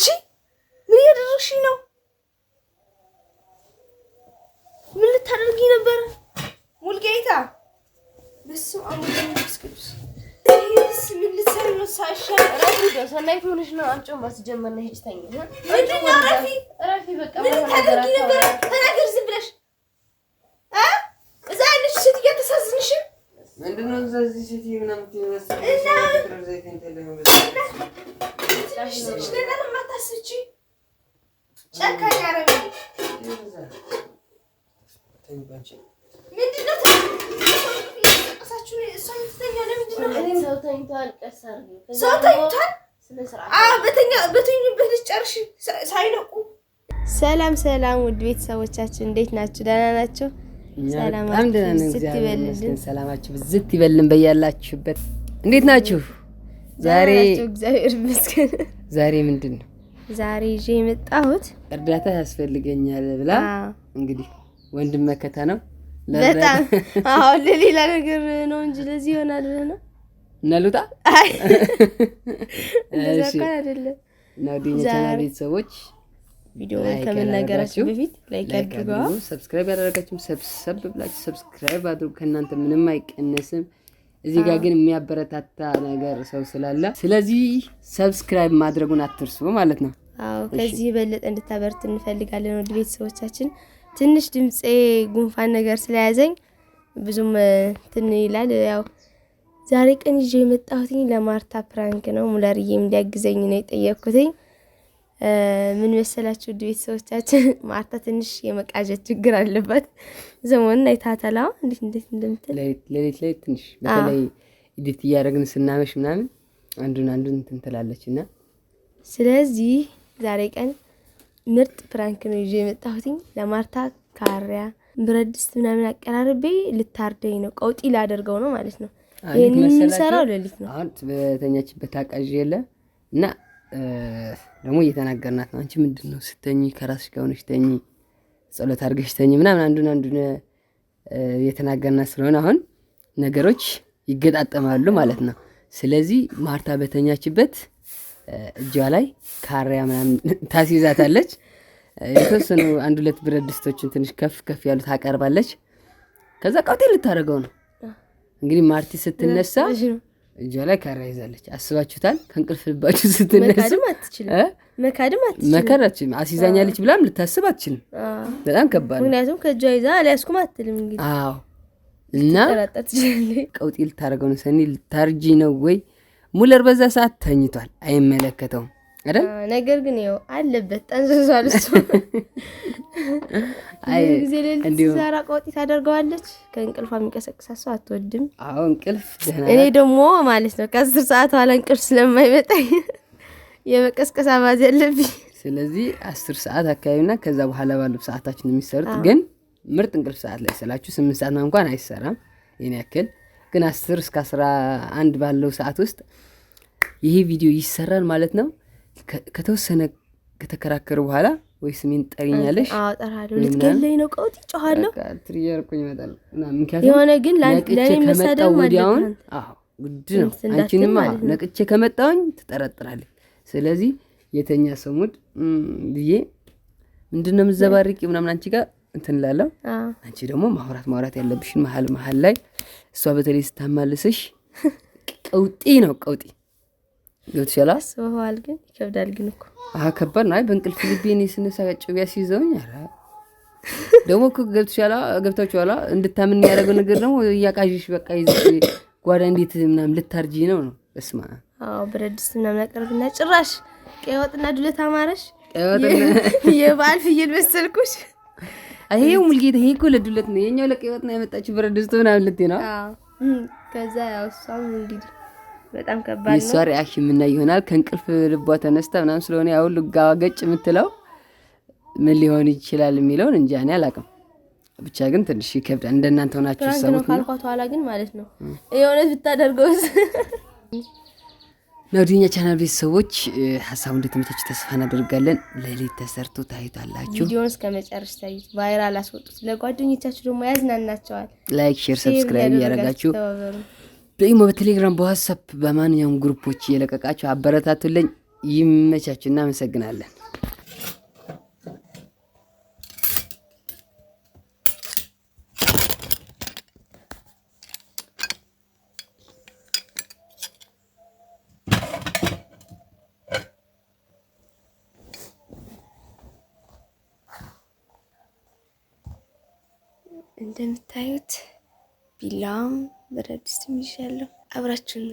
አንቺ ምን እያደረግሽ ነው? ምን ልታደርጊ ነበረ? ሙልጌታ በስመ አብ ወመንፈስ ነው? ማስጀመር ነው። ሂጂ ተኝ። ምንድን ሴት እያተሳዝንሽ ምንድን እቺ ጨካኝ አረብ ሰላም ሰላም፣ ውድ ቤተሰቦቻችን እንዴት ናችሁ? ደህና ናችሁ? ሰላማችሁ ብዝት ይበልን በያላችሁበት። እንዴት ናችሁ? ዛሬ እግዚአብሔር ይመስገን። ዛሬ ምንድን ነው ዛሬ ይዤ የመጣሁት እርዳታ ያስፈልገኛል ብላ እንግዲህ ወንድም መከታ ነው። በጣም አሁን ለሌላ ነገር ነው እንጂ ለዚህ ይሆናል ብለህ ነው እናሉጣ ልውጣ አይደለም። ቤተሰቦች ቪዲዮውን ከመናገራችሁ በፊት ላይክ አድርጉ። ሰብስክራይብ ያደረጋችሁም ሰብሰብ ብላችሁ ሰብስክራይብ አድርጉ። ከእናንተ ምንም አይቀነስም። እዚህ ጋር ግን የሚያበረታታ ነገር ሰው ስላለ፣ ስለዚህ ሰብስክራይብ ማድረጉን አትርሱ ማለት ነው። አዎ ከዚህ የበለጠ እንድታበርት እንፈልጋለን። ወደ ቤተሰቦቻችን ትንሽ ድምፄ ጉንፋን ነገር ስለያዘኝ ብዙም ትን ይላል። ያው ዛሬ ቀን ይዤ የመጣሁትኝ ለማርታ ፕራንክ ነው። ሙለርዬ እንዲያግዘኝ ነው የጠየቅኩትኝ። ምን መሰላችሁ ውድ ቤተሰቦቻችን፣ ማርታ ትንሽ የመቃዠት ችግር አለባት። ዘመኑን አይታተላው እንዴት እንዴት እንደምትል ሌሊት ላይ ትንሽ በተለይ ኢዲት እያደረግን ስናመሽ ምናምን አንዱን አንዱን እንትን ትላለች እና ስለዚህ ዛሬ ቀን ምርጥ ፕራንክ ነው ይዤ የመጣሁትኝ። ለማርታ ካሪያ ብረት ድስት ምናምን አቀራርቤ ልታርደኝ ነው፣ ቀውጢ ላደርገው ነው ማለት ነው። ይህን የምንሰራው ሌሊት ነው። አሁን በተኛችበት አቃዥ የለ እና ደግሞ እየተናገርናት ነው። አንቺ ምንድን ነው ስተኝ ከራስሽ ጋር ሆነሽ ተኝ፣ ጸሎት አድርገሽ ተኝ ምናምን አንዱን አንዱን እየተናገርናት ስለሆነ አሁን ነገሮች ይገጣጠማሉ ማለት ነው። ስለዚህ ማርታ በተኛችበት እጇ ላይ ካሪያ ምናምን ታስይዛታለች። የተወሰኑ አንድ ሁለት ብረት ድስቶችን ትንሽ ከፍ ከፍ ያሉ ታቀርባለች። ከዛ ቀውጤ ልታደርገው ነው እንግዲህ ማርቲ ስትነሳ እጇ ላይ ካራ ይዛለች። አስባችሁታል? ከእንቅልፍ ልባችሁ ስትነሳ መካድም አትችልም። አስይዛኛለች ብላም ልታስብ አትችልም። በጣም ከባድ ምክንያቱም ከእጇ ይዛ አልያዝኩም አትልም። እንግዲህ አዎ። እና ቀውጢ ልታደርገው ነው። ሰኒ ልታርጂ ነው ወይ ሙለር በዛ ሰዓት ተኝቷል፣ አይመለከተውም አይደል? ነገር ግን ያው አለበት ጠንዝዟል። እሱ ጊዜ ሌሊት ሲሰራ ቆጢ ታደርገዋለች። ከእንቅልፏ የሚቀሰቅሳ ሰው አትወድም። አዎ እንቅልፍ እኔ ደግሞ ማለት ነው ከአስር ሰዓት በኋላ እንቅልፍ ስለማይመጣኝ የመቀስቀስ አባዜ አለብኝ። ስለዚህ አስር ሰዓት አካባቢና ከዛ በኋላ ባለው ሰዓታችን የሚሰሩት ግን ምርጥ እንቅልፍ ሰዓት ላይ ስላችሁ ስምንት ሰዓት እንኳን አይሰራም ይህን ያክል ግን አስር እስከ አስራ አንድ ባለው ሰዓት ውስጥ ይሄ ቪዲዮ ይሰራል ማለት ነው። ከተወሰነ ከተከራከሩ በኋላ ወይ ስሜን ትጠሪኛለሽ? ልትገለኝ ነው፣ ቀውጢ ጮኋለሁ፣ ትርየርኩኝ ይመጣል። የሆነ ግን ለእኔ መሳደብ ወዲያውን ግድ ነው። አንቺንማ ነቅቼ ከመጣውኝ ትጠረጥራለች። ስለዚህ የተኛ ሰሙድ ብዬ ምንድን ነው የምዘባርቂ ምናምን አንቺ ጋር እንትን እላለሁ። አንቺ ደግሞ ማውራት ማውራት ያለብሽን መሀል መሀል ላይ እሷ በተለይ ስታማልስሽ ቀውጢ ነው ቀውጢ ገብቶሻል። አስበኸዋል ግን ይከብዳል። ግን እኮ ከባድ ነው። አይ በእንቅልፍ ልቤ እኔ ስነሳ ጭቢያ ሲይዘውኝ ደግሞ እኮ ገብቶሻል። ገብታችኋላ እንድታምን ያደረገው ነገር ደግሞ እያቃዥሽ በቃ ይዘ ጓዳ እንዴት ምናምን ልታርጂ ነው ነው እስማ ብረት ድስት ምናምን አቀርብና ጭራሽ ቀይ ወጥና ዱለት አማረሽ የበዓል ፍየል መሰልኩሽ። ይሄ ሙልጌታ ይሄ እኮ ለዱለት ነው የኛው ለቀይወት ነው ያመጣችው ብረት ድስት ምናምን ልትይ ነው። ከዛ ያው እሷም እንግዲህ በጣም ከባድ ነው። ሶሪ አሽ ምና ይሆናል ከእንቅልፍ ልቧ ተነስታ ምናምን ስለሆነ ያው ልጋገጭ የምትለው ምን ሊሆን ይችላል የሚለውን እንጃ እኔ አላውቅም። ብቻ ግን ትንሽ ይከብዳል። እንደናንተ ሆናችሁ ሰሙት ነው ካልኳት ኋላ ግን ማለት ነው የእውነት ብታደርገውስ ለአዱኛ ቻናል ቤት ሰዎች ሀሳቡ እንደተመቻችሁ ተስፋ እናደርጋለን። ሌሊት ተሰርቶ ታዩታላችሁ። ቪዲዮን እስከ መጨረሻ ታዩት፣ ቫይራል አስወጡት። ለጓደኞቻችሁ ደግሞ ያዝናናቸዋል። ላይክ፣ ሼር፣ ሰብስክራይብ እያደረጋችሁ ደግሞ በቴሌግራም በዋትሳፕ በማንኛውም ግሩፖች እየለቀቃችሁ አበረታቱልኝ። ይመቻችሁ። እናመሰግናለን። እንደምታዩት ቢላም ብረት ድስትም ይዣለሁ። አብራችን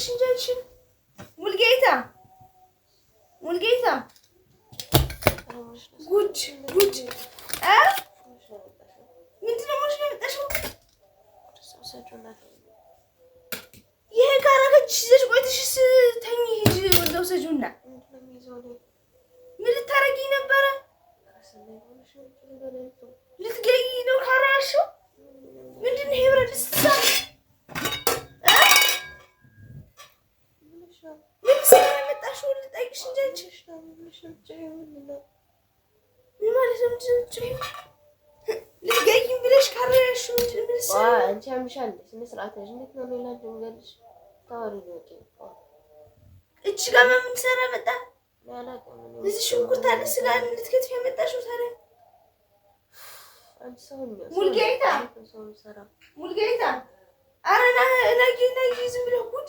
አለቅሽ እንጂ አንቺን ሙልጌታ ሙልጌታ ጉድ ጉድ እ ምንድን ነው ሞሽ ነው የመጣሽው? ይሄ ካረገች ይዘሽ ቆይተሽ ስተኝ ሂጂ ወንዳው ሰጁና ልሽ ሙልጌታ አረ ነይ ነይ ዝም ብለህ ጉድ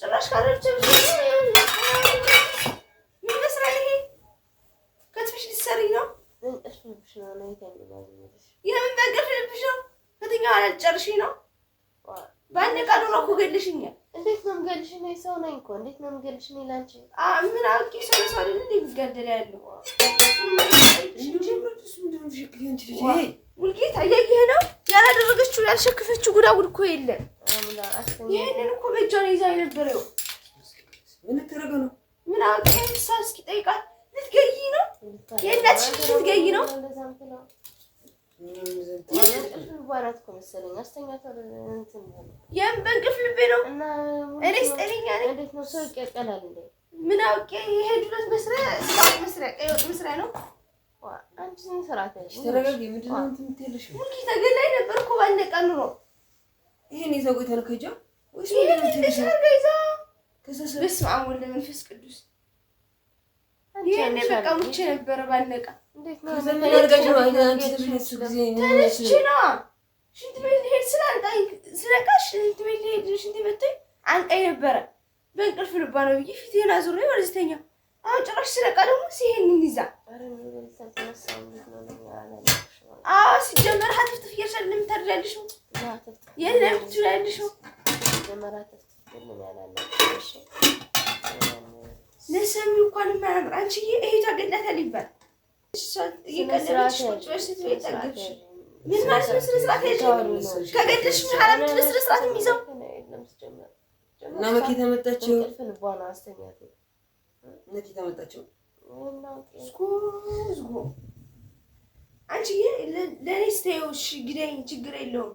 ጭራሽ ከትፍሽ ሊሰሪ ነው። የምን መንገድ ልብሽ ነው? ከትኛው አልጨርሽ ነው? በአንድ ቀን ኑሮ እኮ ገልሽኛል። እንዴት ነው የምገልሽ? እኔ ሰው ነኝ እኮ እንዴት ነው የምገልሽ? እኔ ላንቺ ምን አውቄ ሰው ሰው አይደል እንዴ የሚጋደል ያለው ውልጌታ እያየህ ነው። ያላደረገችው ያልሸከፈችው ጉዳጉድ እኮ የለም ይህንን እኮ በእጇን ይዛ የነበረው ምን ልታረግ ነው? ምን አውቄ እሷ እስኪጠይቃት ልትገይ ነው። የእናትሽ ልትገይ ነው። ይህም ልቤ ነው። እኔ ስጠነኛ ምን አውቄ ይሄ ድሎት መስሪያ ነው። አንቺ ስርዓት ተገላይ ነበር እኮ ባልነቃ ኑሮ ይሄን ይዘው ተልከጃ ወይስ በስመ አብ ወወልድ ወመንፈስ ቅዱስ በቃ ነበረ ባለቃ ሽንት ቤት ልሄድ ሽንት ቤት ልሄድ ሽንት ቤት ነበረ በእንቅልፍ ልባ ነው ብዬ ፊቴን አዙሬ ወደስተኛ አሁን ጭራሽ ስለቃ ደግሞ ሲሄን ይዛ ሲጀመር ሀትፍትፍ እያልሻል ለምታደርጊያለሽ ነው የለም ለሰሚ እንኳን የማያምር አንቺዬ እህቷ ገላታል ይባል ምን ማለት ነው? ስነ ስርዓት ከገደልሽ ስነ ስርዓት የሚይዘው እና መኪ ተመጣችው መኪ ተመጣችው። አንቺዬ ለእኔ ስተይው እሺ ግዳኝ ችግር የለውም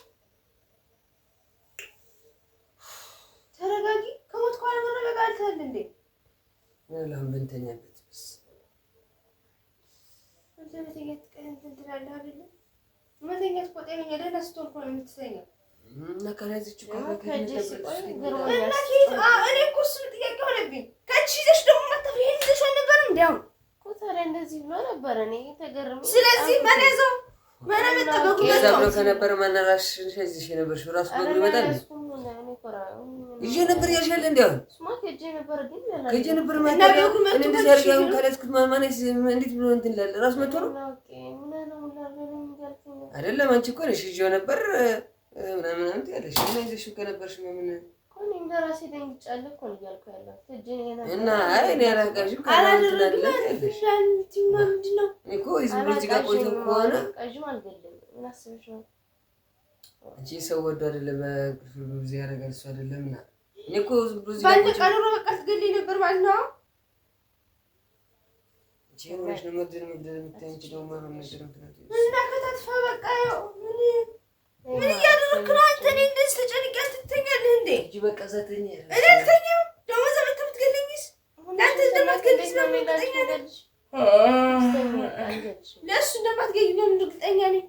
ተኝተሃል እንዴ? ለምንተኛበት ስ መተኛት ቀን ትላለህ አይደለ? መተኛት እኮ ጤነኛ ደህና ስትሆን ነው የምትተኛው። እና ከዚች እኔ እኮ እሱን ጥያቄ ሆነብኝ። ከእጅ ይዘሽ ደግሞ መታፈል ይዘሽ አልነበረም እንዲያውም እኮ ታዲያ እንደዚህ ብሎ ነበረ እኔ ተገርሜ ስለዚህ መለዘው አብሮ ከነበረ ማናራሽን እዚህ የነበርሽ እራሱ በእግር ይመጣል ይዤ ነበር ያልሻለ እንዲ ከእጄ ነበር እንደዚህ ያደርጋሁን ካላስኩት እንዴት ብሎ እንትን እላለሁ። እራሱ መቶ ነው አይደለም። አንቺ እኮ ነሽ ይዤው ነበር ምናምን ምናምን ትያለሽ እና ይዘሽው ከነበርሽ ምናምን በራሴ ደንግጫለሁ እኮ ነው እያልኩ ያለሁት። እና አይ እኔ አላስቃዥም እኮ ዝም ብሎ እዚህ ጋር ቆይቶ ከሆነ አንቺ ሰው ወዶ አይደለም በክፍሉ ጊዜ ያደርጋል እሱ አይደለም እና እኔ እኮ ዝም ብሎ እዚህ ጋር ቆይቶ በቃ አስገድለኝ ነበር ማለት ነው። ምን እያደረግክ ነው? እንዴ? እጅ በቀዘተኝ እልልተኛ ደግሞ ዘመታ ምትገለኝስ ለአንተ እንደማትገልስ በምን እርግጠኛ ነኝ። ለእሱ እንደማትገኝ በምን እርግጠኛ ነኝ።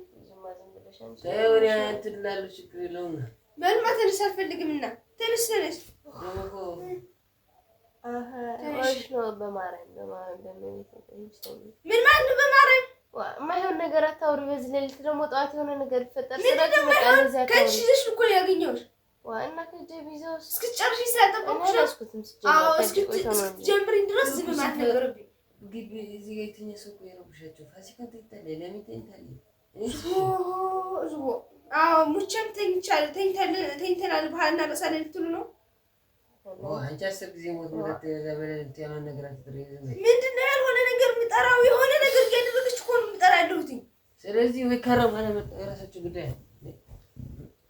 ትላሉ ችግር የለውም። በልማ ተነስ፣ አልፈልግም እና ተነስ፣ ተነስ ምን ማለት ነው? በማርያም የማይሆን ነገር አታውሪ። በዚህ ሌሊት ደግሞ ጠዋት የሆነ ነገር ይፈጠር። ከዚህ እኮ ነው ያገኘሁሽ እስክትጨርሺ ስለጠበኩሽ ነው። እስክትጀምሪኝ ድረስ ዝም ማለት ነበረብኝ። ሙቼም ተኝተናል። ባህልና መሳለ ልትሉ ነው። ምንድን ነው ያልሆነ ነገር የምጠራው? የሆነ ነገር እያደረገች እኮ ነው የምጠራ ያለሁት። ስለዚህ ወይ ከረም አለመጠራሳቸው ጉዳይ ነው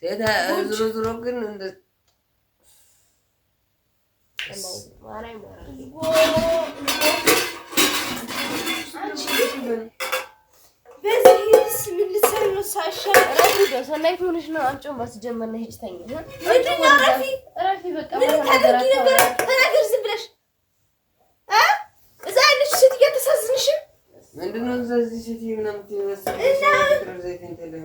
Şey de Erzurum gününde. Varayım varayım. በዚህ ስምን ልሰር ነው ሳሻ እረፊ ደስ እና ይሁንሽ ነው አንጮ ማስጀመር ነው ሄጅ ተኛ ምንድን ነው እረፊ እረፊ በቃ ምንም ታደርጊ ነበር ተናገር ዝም ብለሽ እ እዛ ያለች ሴት እያተሳዝንሽ ምንድን ነው እዛ እዚህ ሴት ምናምን ትመስል እና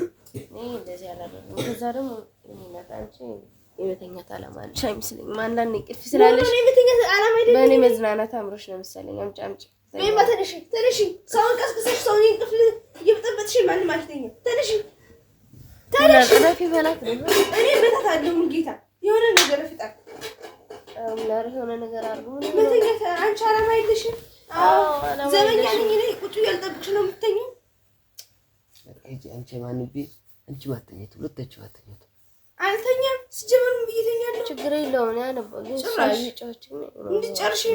እንደዚህ አላደረግም። ከዛ ደግሞ እኔና አንቺ የመተኛት አላማ አለሽ አይመስለኝም። አንዳንዴ ቅልፍ ስላለሽ በእኔ መዝናናት አምሮሽ ነው መሰለኝ። አምጪ አምጪ ወይማ ተነሽ ተነሽ፣ ሰውን ቀስቅሰሽ ሰውን ቅፍ እየበጠበጥሽ ማንም አልተኛም። ተነሽ ተነሽ፣ ረፊ በላት እኔ በታት አለሁ ጌታ የሆነ ነገር ፍጣር ለር የሆነ ነገር አድርጎ መተኛት አንቺ አላማ የለሽም። ዘበኛ ነኝ እኔ ቁጭ እያልጠብቅሽ ነው የምትተኛው። አንቺ ማን አንቺ ማተኛት ሁለታችሁ ማተኛት አልተኛም። ሲጀመርም ብይተኛለሁ ችግር የለውም። ያነበው እንድጨርሽ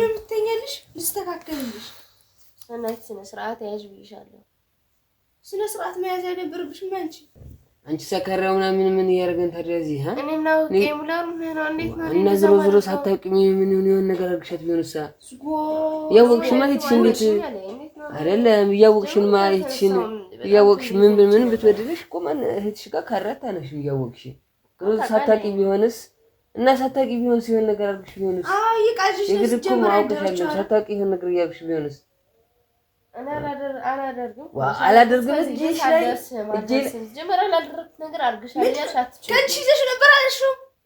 ነው የምትተኛልሽ። ልስተካከልልሽ እናት ስነ ስርዓት ያዥ ብይሻለሁ። ስነ ስርዓት መያዝ አይደብርብሽም አንቺ አንቺ ሰከረው ምናምን ምን እያደረገን ታዲያ እዚህ እና ዞሮ ዞሮ ሳታውቂ ምን ሆን የሆን ነገር አድርግሻት ቢሆንሳ እያወቅሽማ እህትሽን እንዴት አይደለም እያወቅሽንማ እህትሽን እያወቅሽ ምን ምን ብትወድልሽ ቁመን እህትሽ ጋር ካረታ ነሽ እያወቅሽ ግን ሳታቂ ቢሆንስ እና ሳታቂ ቢሆን ሲሆን ነገር አድርግሽ ቢሆንስ የግድ እኮ ማወቅሻለሁ። ሳታቂ ይሆን ነገር እያልኩሽ ቢሆንስ አላደርግም እጄሽ ላይ እጄ ላይ ጀመራ ላደረግኩት ነገር አድርግሻለሁ። ከንቺ ይዘሽ ነበር አለሽው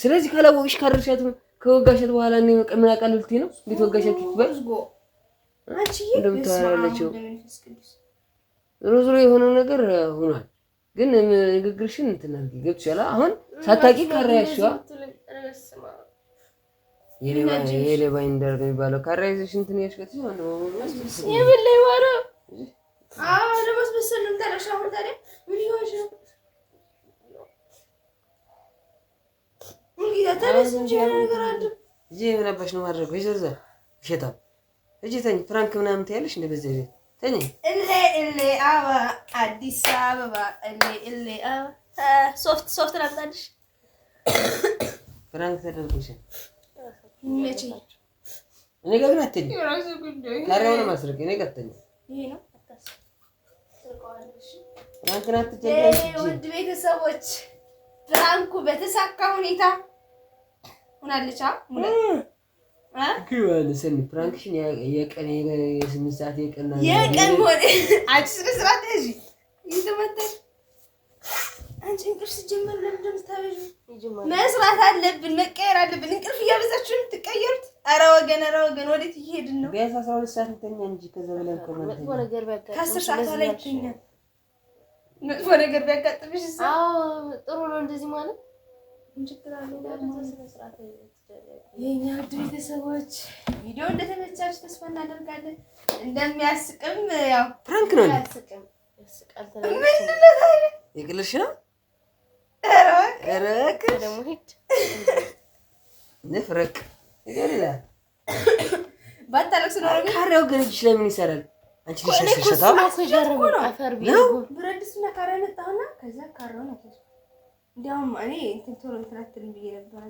ስለዚህ ካላወቅሽ ካረሻት ከወጋሻት በኋላ እኔ ምን አውቃለሁ ልትይ ነው? እንዴት ወጋሻት ይባል እንደምታወራላቸው ዞሮ ዞሮ የሆነው ነገር ሆኗል። ግን ንግግርሽን እንትን አድርጊ ገብቶሻል። አሁን ሳታቂ ካራያሽዋ የሌባ እንደርግ የሚባለው ካራይዘሽ እንትን ያሽቀት ነው። የሆነባሽ ነው ማድረግ ይዘዛ ሸታ እጅ ተኝ ፍራንክ ምናምን ትያለሽ እንደ ቤት ተኝ እሌ እሌ አበባ አዲስ አበባ እሌ እሌ አበባ ሶፍት ሶፍት ላምጣልሽ ፍራንክ እኔ ጋር ግን ማስረግ እኔ ጋር ፍራንክ ናት። ውድ ቤተሰቦች ፍራንኩ በተሳካ ሁኔታ ሆናለች ፕራንክሽን የቀን የስምንት ሰዓት የቀን የቀን አንቺ ስነ ስርዓት ያዥ ይተመታል። አንቺ እንቅልፍ ሲጀመር ለምን እንደምታበዥ መስራት አለብን፣ መቀየር አለብን። እንቅልፍ እያበዛችሁ የምትቀየሩት። ኧረ ወገን፣ ኧረ ወገን፣ ወዴት እየሄድን ነው? ቢያንስ አስራ ሁለት ሰዓት እንተኛ እንጂ ከዛ በላይ ከአስር ሰዓት ላይ ይተኛል። መጥፎ ነገር ቢያጋጥምሽ ጥሩ ነው እንደዚህ ማለት የእኛ ውድ ቤተሰቦች ቪዲዮ እንደተመቻችሁ ተስፋ እናደርጋለን። እንደሚያስቅም ያው ፕራንክ ነው። የቅልሽ ነው ንፍረቅ ይገላል። ግን እጅሽ ላይ ምን ይሰራል? አንቺ ልሽ ነው ብረት ድስትና ካሪያ ነጣሁና ከዚያ ካሪያውን እንዲያውም እኔ እንትን ቶሎ እንትን አትልም ብዬ ነበር፣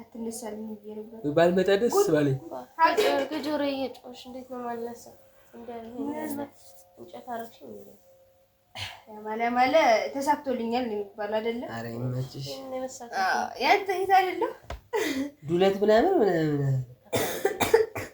አትነሳልም ብዬ ነበር። ባልመጣ ደስ ባለኝ። ከጆሮ እየጮሽ እንዴት ነው ማለሰ እንጨት አረግሽ ማለ ተሳክቶልኛል ነው የሚባለው አይደለ? ይመችሽ። ያንተ ሂት አይደለም ዱለት ምናምን ምናምን